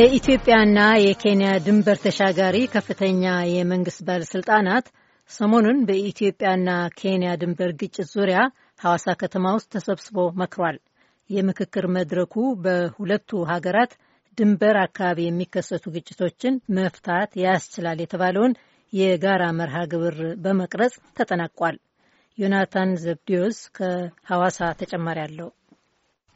የኢትዮጵያና የኬንያ ድንበር ተሻጋሪ ከፍተኛ የመንግስት ባለስልጣናት ሰሞኑን በኢትዮጵያና ኬንያ ድንበር ግጭት ዙሪያ ሐዋሳ ከተማ ውስጥ ተሰብስቦ መክሯል። የምክክር መድረኩ በሁለቱ ሀገራት ድንበር አካባቢ የሚከሰቱ ግጭቶችን መፍታት ያስችላል የተባለውን የጋራ መርሃ ግብር በመቅረጽ ተጠናቋል። ዮናታን ዘብዲዮስ ከሐዋሳ ተጨማሪ አለው።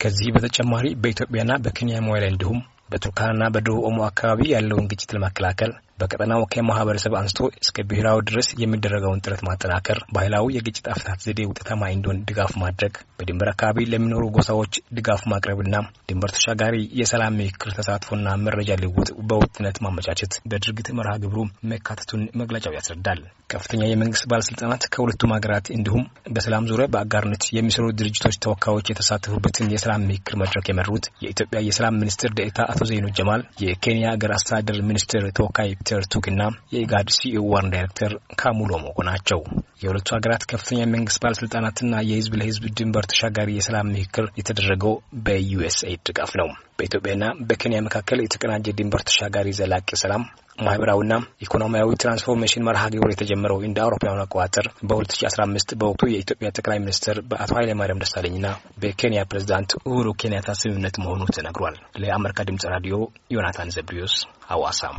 ከዚህ በተጨማሪ በኢትዮጵያና በኬንያ ሞያሌ እንዲሁም በቱርካናና በደቡብ ኦሞ አካባቢ ያለውን ግጭት ለመከላከል በቀጠናው ከማህበረሰብ አንስቶ እስከ ብሔራዊ ድረስ የሚደረገውን ጥረት ማጠናከር፣ ባህላዊ የግጭት አፈታት ዘዴ ውጤታማ እንዲሆን ድጋፍ ማድረግ፣ በድንበር አካባቢ ለሚኖሩ ጎሳዎች ድጋፍ ማቅረብና ድንበር ተሻጋሪ የሰላም ምክክር ተሳትፎና መረጃ ልውውጥ በውጥነት ማመቻቸት በድርጊት መርሃ ግብሩ መካተቱን መግለጫው ያስረዳል። ከፍተኛ የመንግስት ባለስልጣናት ከሁለቱም ሀገራት እንዲሁም በሰላም ዙሪያ በአጋርነት የሚሰሩ ድርጅቶች ተወካዮች የተሳተፉበትን የሰላም ምክክር መድረክ የመሩት የኢትዮጵያ የሰላም ሚኒስትር ደታ አቶ ዘይኖ ጀማል፣ የኬንያ ሀገር አስተዳደር ሚኒስትር ተወካይ ቱግና የኢጋድ ሲኢኦ ዋን ዳይሬክተር ካሙሎሞኮ ናቸው። የሁለቱ ሀገራት ከፍተኛ የመንግስት ባለስልጣናትና የህዝብ ለህዝብ ድንበር ተሻጋሪ የሰላም ምክክር የተደረገው በዩኤስኤ ድጋፍ ነው። በኢትዮጵያና በኬንያ መካከል የተቀናጀ ድንበር ተሻጋሪ ዘላቂ ሰላም ማህበራዊና ኢኮኖሚያዊ ትራንስፎርሜሽን መርሃ ግብር የተጀመረው እንደ አውሮፓውያኑ አቆጣጠር በ2015 በወቅቱ የኢትዮጵያ ጠቅላይ ሚኒስትር በአቶ ኃይለማርያም ደሳለኝና በኬንያ ፕሬዝዳንት ኡሁሩ ኬንያታ ስምምነት መሆኑ ተነግሯል። ለአሜሪካ ድምጽ ራዲዮ ዮናታን ዘብሪዮስ አዋሳም።